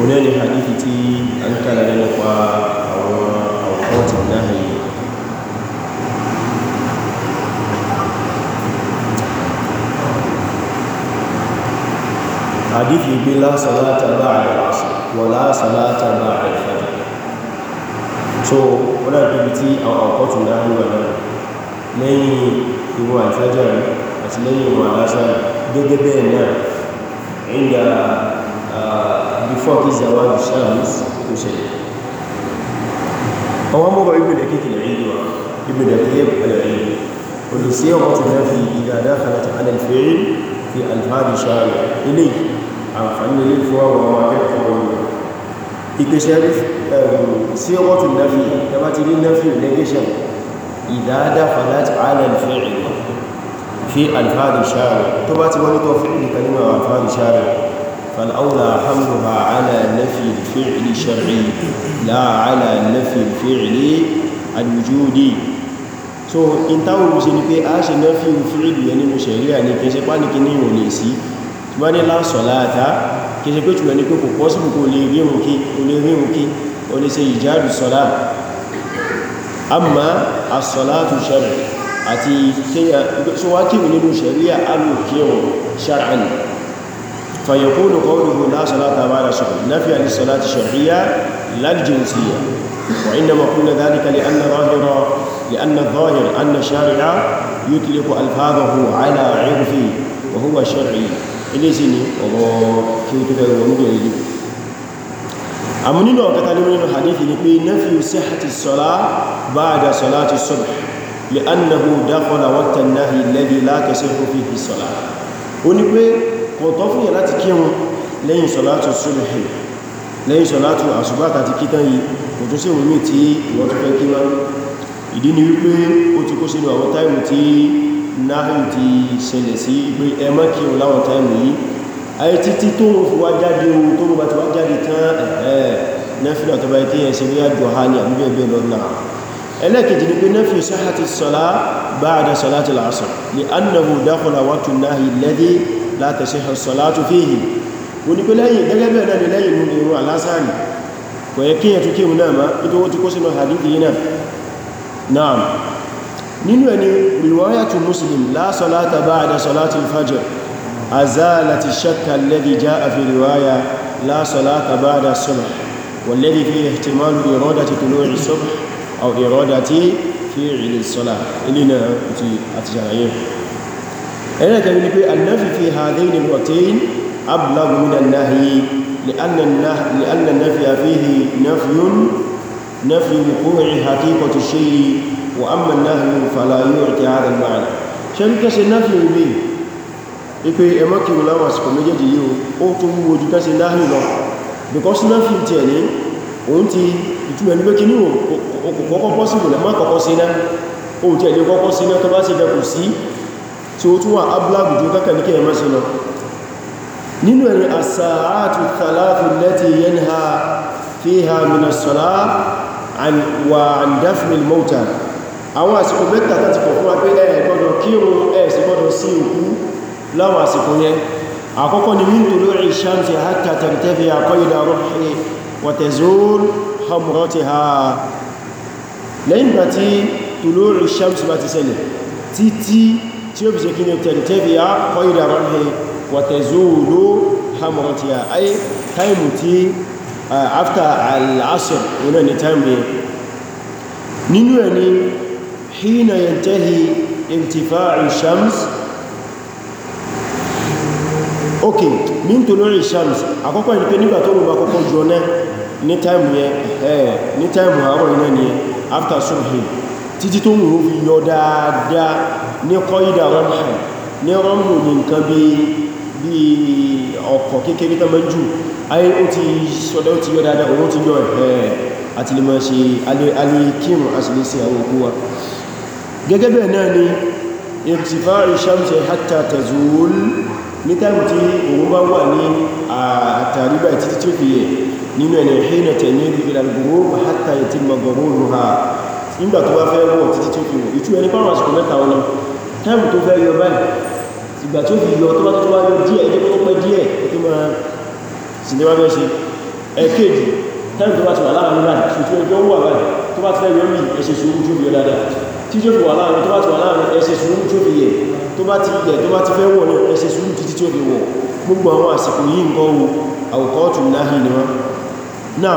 oní ẹni hadithi tí a ń kàlà lẹ́nu pa àwọn àwọ̀kọ́tì náà yìí hadithi bí lásàlátà bá àrẹ̀wàsì wà lásàlátà bá àrẹ̀fàjì so wọ́n dàbí tí àwọn àwọ̀kọ́tì náà ń wà náà lẹ́yìn ìwọ̀n àìfàjì àti lẹ́yìn ìwọ̀n alásàrẹ̀ gẹ́gẹ́ bẹ́ẹ̀ náà before kí zawadu shams tó ṣẹlẹ̀ àwọn mọ́bà ibùn da kéèkì lẹ́yìn wa ibùn da kéèkì lẹ́yìn olùsí ọmọ ti náà fi ìgbàdá kalata alẹ́fẹ́rin fi alfáàdì ṣáàrù ilé àǹfàní ilé fọ́wọ́ akẹ́kọ̀ọ́ ìpèsè sí ọmọ ti náà fi ẹmà ti rí náà fi negation ìdáadá kalata alẹ́fẹ́rin fi alfáàdì ṣáàrù tó bá ti wọ́n ní tó fi ìdíkanímọ̀ alfáàdì ṣáàrù فالأولى حملها على نفي الفعل الشرعي لا على نفي الفعل الوجودي so in táwọn olùsẹ́ ni pé a ṣe náà fi fíìlì yẹn nínú ṣẹ̀ríà ní kẹsẹ pánìkì ní ìrùn lè sí tí wọ́n ní lásọ̀láta kẹsẹ pé túnmọ̀ ní pé kò pọ́sìbù kò lè rírun kí o lè ṣe ìjáàdù sọ́lá amma asọ́látù ṣẹ̀rẹ̀ àti kíyà so wá kí فيقول قوله لا صلاة بعد الصبح نفي عن الصلاة الشرعية لا الجنسية وإنما قلنا ذلك لأن ظاهر لأن الظاهر أن الشارع يطلق ألفاظه على عرفه وهو شرعي إلي الله إليزيني كيف تقول أمنين وقتل من الحديث نقول نفي صحة الصلاة بعد صلاة الصبح لأنه دخل وقت النهي الذي لا تصح فيه الصلاة ونقول kò tọ́ fún yẹn láti kírun lẹ́yìn sọ́látù subhi lẹ́yìn sọ́látù àṣùbá àti kítan yìí kò tún sí òun mí tí ìwọ́n tó fẹ́ kí wá ìdí ni wípé ó ti kó sínú àwọn táìmù tí náà ti ṣẹlẹ̀ pé ẹ má kírun bá ti wá jáde tán ni pé nẹ́fì sahati sọ́lá ba'da la tasihhu salatu fihi ó ní pé lẹ́yìn gẹ́gẹ́ bẹ́ẹ̀ náà ni lẹ́yìn mú irun alásàrì kò yẹ kíyàn tún kíyàn náà má nítorí wọ́n ti kó sínú hadith yìí náà náà nínú ẹni riwayatu muslim la salata ba'da والذي فيه احتمال إرادة طلوع الصبح أو إرادة فعل الصلاة إلينا أتجاريه ẹ̀rẹ́kẹ̀ẹ́ ni pé annafi fi hadhaini al-waqtayn ablagu min an-nahyi لأن النفي فيه نفي نفي وقوع حقيقة الشيء وأما النهي فلا يعطي هذا المعنى ṣẹ́n kẹ́ṣe náàfí orí ipé ẹmọ́kí láwọn àsìkò méjèèjì yíò ó tó ń wojú kẹ́ṣe náàfí lọ because náàfí tí ẹ̀ ní òun ti ìtú ẹni pé kí ní òkùnkọ́kọ́ sí ìrìnlẹ̀ má kọ́kọ́ sí náà tí ó tún wà abúlágù tó kákà ní kẹyàmá sí lọ nínú ẹ̀rin àsáàtù tàlátù lẹ́tí yẹn ha fi ha minasọ́lá wà dáfnil mọ́ta àwọn àsìkò mẹ́ta láti kọ̀ fún apé ẹ̀ gbọ́dọ̀ kírun ẹ̀ sì gbọ́dọ̀ sí òkú láwọn àsìkò yẹn àkọ́kọ́ ni min tulu'i shamsi hatta tartafi'a qayda ruhi wa tazul hamratiha lẹ́yìn gbà tí tulu'i shamsi bá ti ṣẹlẹ̀ títí tí ó fi ṣe kí ní tẹ̀lẹ̀tẹ̀fìyà kọ́ ìdàrọ̀ ní wàtẹ̀zóòló hamurtiya ai taimu tí uh, after al'asr wọn ni taimu yẹn nínú ẹ̀ ni hina yantahi irtifa'i shams ok min tolori shams àkọ́kọ́ ni pé nígbà tó rú bá kọ́kọ́ jọ náà ní taimu yẹn ní taimu àárọ̀ iná ni eh, after subhi títí tó mú fi yọ dáadáa ní kọ́ídà ramhan ní ramhu ní nǹkan bí ọkọ̀ kékeré tó mẹ́jù ayé ó ti sọ́dọ̀ ti yọ dáadáa òun ti yọ ẹ̀ àti lè máa ṣe alékírùn àṣìlẹ́sẹ̀ àwọn òkú wa gẹ́gẹ́ bẹ́ẹ̀ náà ni irtifa ìṣàmṣẹ́ hatta tazul ní táìmù tí nígbà tó bá fẹ́ wọ̀ títí tí ó fi wọ̀ ìtú ẹni pàrọ̀ àsìkò mẹ́ta ọ̀nà táìmù tó fẹ́ yọ báyìí ìgbà tó fi yọ tó bá tó wá yọ díẹ̀ ẹjẹ́ tó pẹ́ díẹ̀ tó máa sì ní wá bẹ́ ṣe ẹ̀kejì táìmù tó bá ti wà láàrin báyìí ṣùtú ẹjọ́ wà báyìí tó bá ti fẹ́ yọ mí ẹ̀ṣẹ̀ sùúrù tó fi yọ dáadáa tí tó fi wà láàrin tó bá ti wà láàrin ẹ̀ṣẹ̀ sùúrù tó fi yẹ tó bá ti yẹ tó bá ti fẹ́ wọ̀ náà ẹ̀ṣẹ̀ sùúrù títí tó fi wọ̀ gbogbo àwọn àsìkò yìí nǹkan wo àwòkọ́ ọ̀tún náà hì ní wọn náà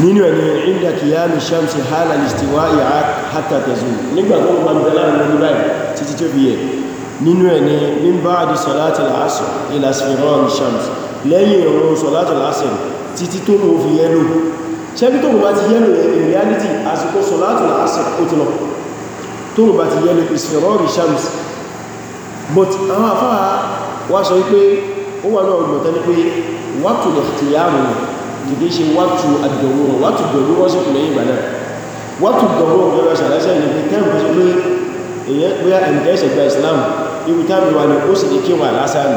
nínú ẹni ìdá kìyàmì shamsi hálà ìstíwá ìhá hátà tẹ̀zù nígbàtí wọ́n bá ń bẹ̀lá rẹ̀ lórí báyìí títí tó fi yẹ nínú ẹni mímbá àdí sọ̀látì láàṣọ ìlàsìfìrán shamsi lẹ́yìn ìrún sọ̀látì láàṣọ in reality àsìkò sọ̀látì láàṣọ ó ti lọ tó bá ti yẹ́lò but àwọn afáà wá sọ wípé ó wà náà gbọ̀tẹ́ ní kìí ṣe wátù àdọ̀wòrò wátù dọ̀wòrò sí fún ẹ̀yìn ìbànà wátù dọ̀wòrò lọ́rọ̀ sàlẹ́sẹ̀ ní tẹ́rù fún pé èyàn Islam ibi tábí wà ní ó sì ní kí wà lásán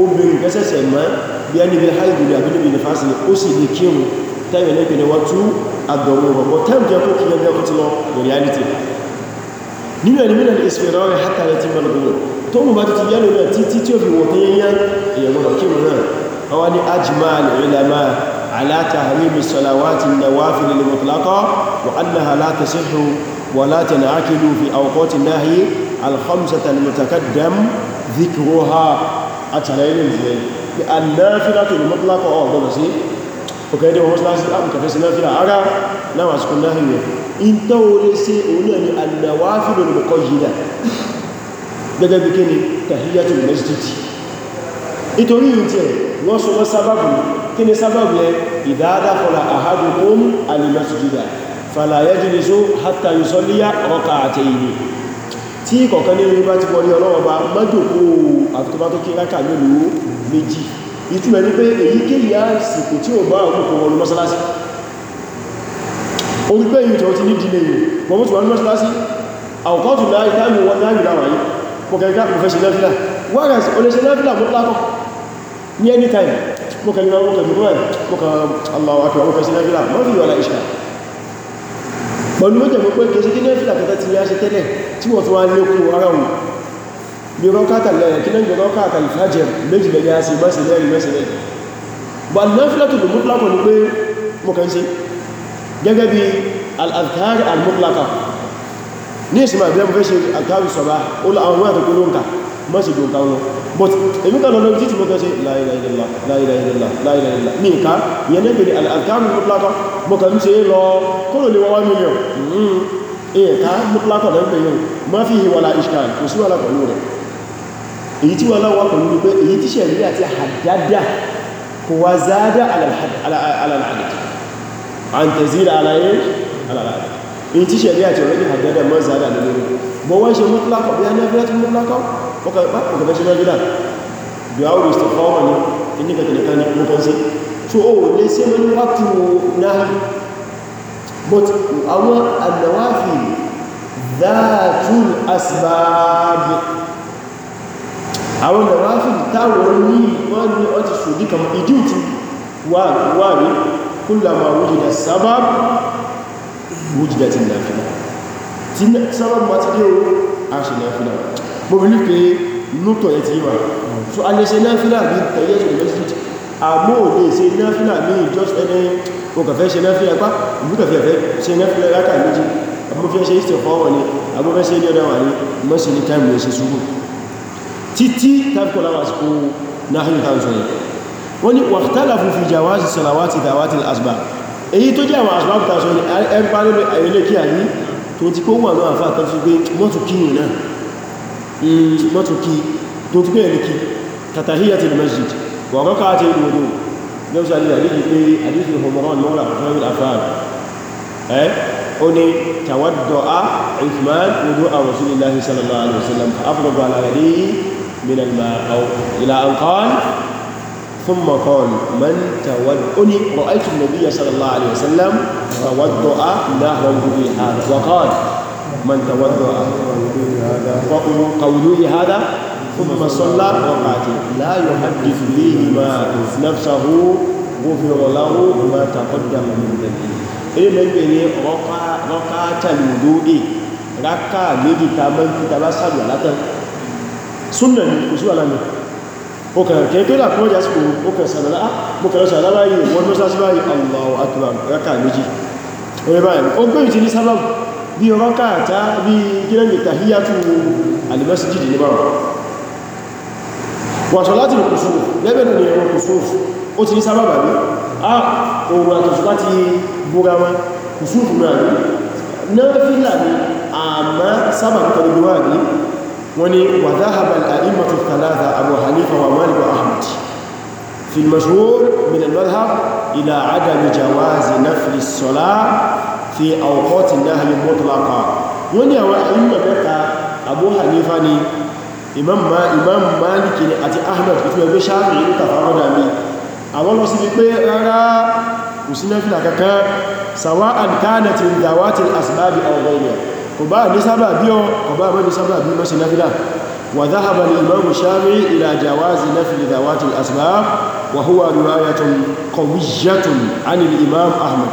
obìnrin kẹsẹ̀sẹ̀ mọ́ bí ẹni bí haidu ní àbí níbi nífàsí ó sì ní kí wọn tẹ́rù ní ìpínlẹ̀ reality nínú ẹni mìíràn ìsìnkú rẹ̀ hátà rẹ̀ ti mọ̀ lọ́gbọ̀n tó mú bá ti ti yẹ́lò náà títí tí ó fi wọ̀ tó yẹ́yẹ́ èèyàn mọ̀ kí wọn náà wọ́n ní ajma al-ulama ala tahrim as-salawat an-nawafil al-mutlaqa wa annaha la tasihhu wa la tan'aqidu fi awqat an-nahy al-khamsah al-mutaqaddam dhikruha àtàlẹ́yìn ìjẹ́ pé an-nafilatu al-mutlaqa ọ̀gbọ̀n sí ọkàdé wọn mọ́sílásí àmìkàfẹ́ sí náfíà ara náà àsìkò náà rẹ̀ in tó lè sí òun náà ni an-nawafil al-muqayyada gẹ́gẹ́ bí kí ni tahiyatul masjid wọ́n so mọ́ sábàbù kí ni sábàbù yẹ ìdáadákọ̀lá ahadukum al-masjida fala yajlisu hatta yusalliya rak'atayni tí kọ̀kan nínú bá ti wọlé ọlọ́wọ́ba mọ́jòkó àtútọ́bátó kí rákà mélòó méjì ìtumẹ̀ ní pé èyíkéyìí àsìkò tí ò bá òkùnkùn wọlú mọ́sálásí orí pé ìjọ ti ní dìlé yìí wọ́n mú ti wọ́n mọ́sálásí àwọ̀kọ́tù láì táìmù wọn láì ní ẹni time mo kà ní wọn mọ́kà jùlọ ẹ̀ mọ́kà aláwọ̀ àti àwọn fẹ́sí náfílà lọ́rí yọ́lá ìṣà pẹ̀lú méjì mú pé kèsí kí náfílà kẹta ti yá ṣe tẹ́lẹ̀ tí wọ́n tó wá ní okùn ara wọn bí rọ́kátà lẹ́yìn kí lẹ́yìn rọ́kátà ìfàjẹ̀ méjì lẹ́yìn àṣì mẹ́sì lẹ́yìn al-adhkar al-mutlaqa ní ìsinmi àbí ẹmọ fẹ́ ṣe al-adhkar sọ̀bá ó lọ mọ́sí gbogbo àwọn but èmi kan lọ́lọ́ títí mọ́kàn sí la ilaha illallah la ilaha illallah la ilaha illallah ní ìká ìyẹn lẹ́gbẹ̀rẹ̀ al'adkamu mutlaka mọ́kàn ṣe lọ kúrò lè wọ́n mílíọ̀n hmm. ìyẹ̀ká mutlaka lẹ́gbẹ̀rẹ̀ ma fi wala ishkan kò sí wala pẹ̀lú rẹ̀ èyí tí wọ́n láwọ́ pẹ̀lú pé èyí tí ṣẹ̀rí àti haddada kò wá záádá alàlàdì an tazila alaye alàlàdì èyí tí ṣẹ̀rí àti ọ̀rẹ́dì haddada mọ́ záádá lórí bọ́ wọ́n ṣe mútlákọ̀ bí a náà fẹ́ wọ́n kà bá ọ̀gọ̀gọ̀ ṣe náà dùáwò ìsìnkọ́wà ní ẹnìkàtàkà ní ọkàn sí so o lè ṣe mọ́ ní wákì náà but àwọn àdáwáfì dáàtún asibáàbì àwọn àdáwáfì táwọn ní wọ́n ní ọtí ṣòdí kan ìdí ìtì wà rí kúlàmà wujida sábàb wujida ti nàfíà tí sábàb wá ti dé o a ṣe nàfíà mo bí ní pé lóòtọ̀ yẹ ti yíwa so a lè ṣe náfílà ní tẹ̀yẹ́ ṣe mẹ́sìlì àmọ́ ò lè ṣe náfílà ní just ẹni òkàfẹ́ ṣe náfílà pa ìbúkàfẹ́ ṣe náfílà látà méjì àbúfẹ́ ṣe ìṣẹ̀ fọ́wọ́ ni àbúfẹ́ ṣe ilé ọ̀dá ní mọ́sí ní táìmù ẹ̀ṣẹ̀ ṣubú títí tàbíkọ̀ láwọn àsìkò náà hàn ìtàn sọ̀rọ̀ wọ́n ni wàtàlà fún fi jàwáṣì sàlàwátì tàwátì asbà èyí tó jẹ́ àwọn asbà tàṣọ́ ni ẹn parí ayẹlẹ́ kí àyí tó ti kó wà náà àfáà kan sí pé mọ́tù kí náà mọ́tún kí tó ti pé ẹ̀lẹ́kí kàtàhíyàtì masjid wà rọ́kà àti ìlúwòdó lẹ́wọ́sá ní àdíjì pé àdíjì homeron mọ́ra àtàrí àfáàrí ẹ́ ó ní tàwádọ́ á ìfìmán wòdó a rasulillahi sallallahu alaihi wasallam afirba alari min al-ma'au ila an qala thumma qala man tawad uni ra'aytu an-nabiyya sallallahu alaihi wasallam tawadda'a nahwa bi hadha wa qala من توضأ قولي هذا ثم صلى ركعتين لا يحدث به ما نفسه غفر له ما تقدم من ذنبه ele mẹ́gbẹ̀ ni rọ́kátàlùdó e ráká méjì ta mẹ́kí ta bá sàbẹ̀ látàn súnnà ní kò síwà lánàá o kẹrẹ kẹrẹ tó dàkọ́ jásíkò o kẹrẹ sàdàlá mo kẹrẹ sàdàlá yìí wọ́n mọ́ sásíwá yìí allahu akbar ráká méjì bí rọ́kà tá bí gílẹ̀mì tàhíyàtù alìmọ́síjìdì ní báwọn wàṣọ láti rẹ̀ kùsù lẹ́bẹ̀rẹ̀ ní ẹ̀rọ kùsù ó ti ní sábàbà ní à òun àtọ̀sù láti búra wọn kùsù náà ní náà fílà ní àmá sábàbà pẹ̀lú wà ní wọ́n ni wà fi àwọ̀kọ́tì náà mọ́tàlápá wọ́n ni àwọn ìmọ̀ mẹ́ta Abu Hanifa ni Imam Malik ni àti Ahmad ìtún ẹgbẹ́ sáàrì ní tàfàwọ́dà mi àwọn lọ sí ní pé rárá òsínẹ́fìlà kankan sàwá àdìkáàdà ti ìdàwà ti asbábi sí náfìlà وذهب الإمام الشافعي إلى جواز نفل ذوات الأسباب وهو رواية قوية عن الإمام أحمد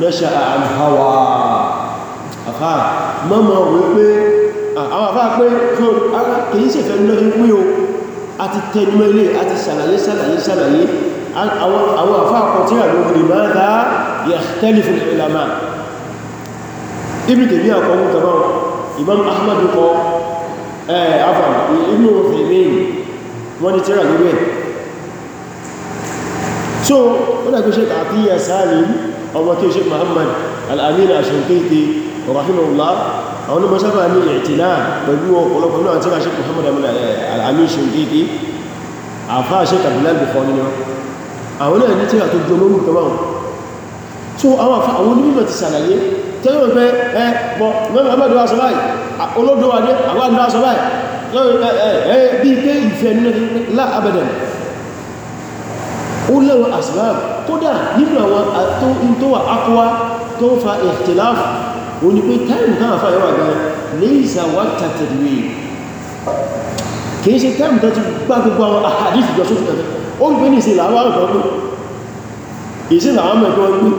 nẹ́ṣà àmàwà àfá mọ́mọ̀ wípé àwọn àfá pé kìí ṣe fẹ́ lọ́dún pín o a ti tẹnumọ́ ilé a ti ṣàlàyé ṣàlàyé ṣàlàyé àwọn àfá àkọtíra lórí mada yakhtalifu al-ulama ibi tèbí àkọwọ́ gaba Imam Ahmad kọ afam inú fèmín wọ́n ni tíra lórí ẹ̀ so wọ́n dàgbé ṣe kàfíyà sáàrin ọmọ kí Sheikh Muhammad al-Amin Ash-Shinqiti rahimahullah àwọn ọmọ sábà ní ìtìlá pẹ̀lú ọ̀pọ̀lọpọ̀ náà tí a Sheikh Muhammad al-Amin Ash-Shinqiti àfá Sheikh Abdul Bukhari nínú àwọn náà ní tíra tó jọ lórú kọmọ́ so àwọn àfá àwọn onímọ̀ ti sàlàyé tẹ́wọ̀n pé ẹ bọ̀ mẹ́rin amẹ́dọ́ aṣọ báyìí olódówà ní àwọn àdúrà aṣọ báyìí bí pé ìfẹ́ nínú lá abẹ́dẹ̀ ó lẹ́wọ̀n asbab kódà nínú àwọn tó ń tó wà akọwà tó ń fa ikhtilaf o ní pé táìmù tán àfà yọ́wà gan laysa waqta tadwin kìí ṣe táìmù tán ti gbá gbogbo àwọn àhàdìsì jọ sóṣù kẹta ó ń gbé ní ìsìnlẹ̀ àwọn ah, àwọn ọ̀gbọ́n ìsìnlẹ̀ àwọn mẹ́jọ ọdún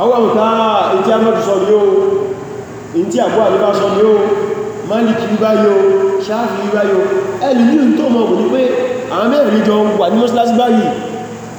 àwọn jọ wà ní mọ́sílásí báyìí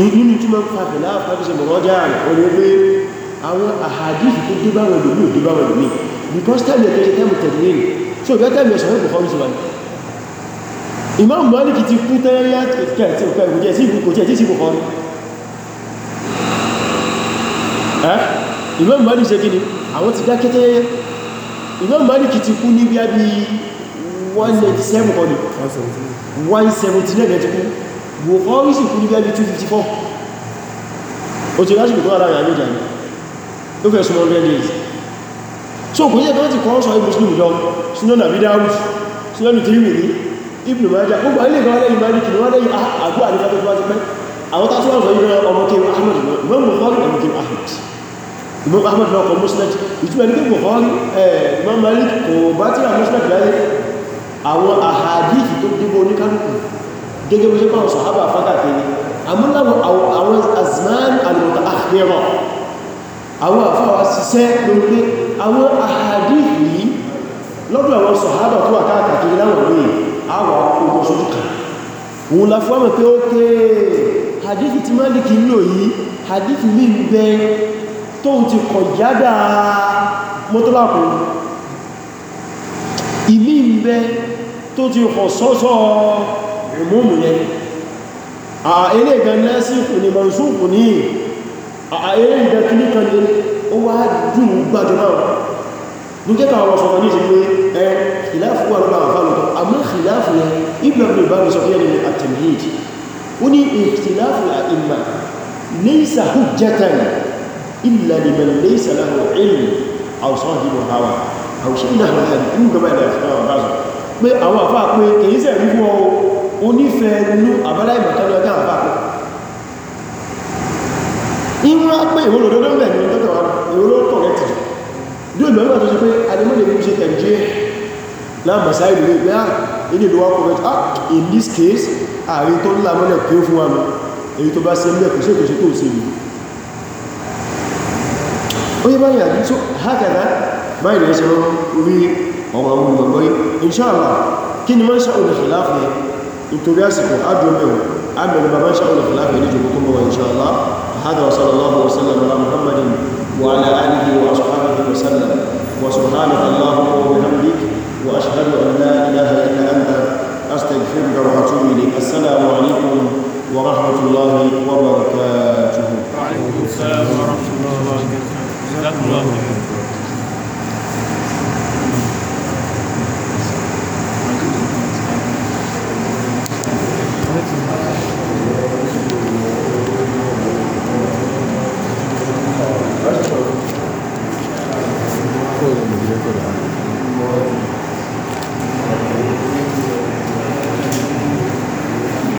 nínú tí máa ń fa bẹ̀lá fàbíṣẹ́ mọ̀rọ́já rẹ̀ o ní pé àwọn àhàdìsì tó débà wọn lòmí ò débà wọn lòmí because time yẹn kẹsẹ̀ tẹ́mù tẹ̀lé rẹ̀ so ìgbẹ́ tẹ́mù ẹ̀sọ̀ ìbò fọ́mí sí wa Imam Malik ti kú tẹ́rẹ́yà kẹ̀kẹ́ 179 ti kú Bukhari sì kú ní bẹ́ẹ̀bí 254 o ti láti bùkọ́ aláàrẹ àmì ìjàmì ló fẹ́ súnmọ́ 100 days so kò yẹ́ tó ti kọ́ sọ Muslim lọ súnmọ́ nàbí dáwùs súnmọ́ ní Tirmidhi Ibn Majah gbogbo ilé ìgbà lẹ́yìn Malik ni wọ́n lẹ́yìn àgbó ah, àdífà tó bá ti pẹ́ àwọn tàbí wọ́n sọ ìrìn ọmọ kí Ahmad ìmọ̀ Bukhari ọmọ kí Ahmad ìmọ̀ Ahmad náà kọ Musnad ìtumẹ̀ ní Bukhari ìmọ̀ eh, Malik kò bá tí àwọn Musnad láyé àwọn àhàdífì tó débò oníkálùkù gẹ́gẹ́ bí sọ́kọ̀ sọ̀hábà fákàkiri àmúláwọ̀ àwọn azman alìmọ̀ta àfihàn àwọn àfáwà ṣiṣẹ́ lórí àwọn àhàdí yìí lọ́dọ̀ àwọn sọ̀hábà tó wà káàkiri láwọn ìwé àwà ogun sójú kan òun la fọ́mọ̀ pé ó ké hadithi tí Málìkì ń lò tó ti kọ̀ sọ́sọ́ ìmúmù yẹn àà ilé ìgbà lẹ́sìnkù ni mọ̀súnkù ní àà ilé ìgbà kìníkan ní ó wá dùn gbàjọ náà ní jẹ́ káwọn sọ̀rọ̀ ní ìsinmi ẹ ìláàfù wà lọ́nà àfáàlùtọ̀ àmọ́ ìláàfù yẹn ibùdó ìbára sọ fún ẹni àtẹ̀mìyèjì ó ní ìtìláàfù àìmà laysa hujjatan illa liman laysa lahu àwọn onífẹ̀ẹ́ inú àbálá ìmọ̀tọ́lọ́ ọjọ́ àpá ìwọ́n á pé ìwọ́n lòdó lọ́wọ́ ẹ̀mí tó tọ̀wọ́ ìwọ́n ló tọ̀ rẹ̀ tì dúró ìlú ọmọ tó ṣe pé adémọ́lẹ̀ ní ṣe tẹ̀jẹ́ láàmàsá ìlú rẹ̀ pé ah, ilé ìlú wọ́n ah in this case ààrin tó ńlá mọ́lẹ̀ pé ó fún wa lọ èyí tó bá ṣe mẹ́ kò sí òtòṣe tó ṣe lù ó yẹ báyìí àbí tó hákàtà báyìí rẹ̀ ṣe rí ọ̀rọ̀ àwọn kí ni mọ́ ń ṣàkóso láàfin nítorí àsìkò adúrómẹ́wò àmìlú bàbá ń ṣàwọn ìfìláfẹ́ ní jùlọ kúmọ̀ wọn insha Allah hada wa sallallahu wa sallam ala muhammadin wa ala alihi wa ashabihi wa sallam wa subhanaka allahumma wa bihamdik wa ashhadu an la ilaha illa anta astaghfiruka wa atubu ilayk assalamu alaikum wa rahmatullahi wa barakatuh wa alaikum assalam wa rahmatullahi wa barakatuh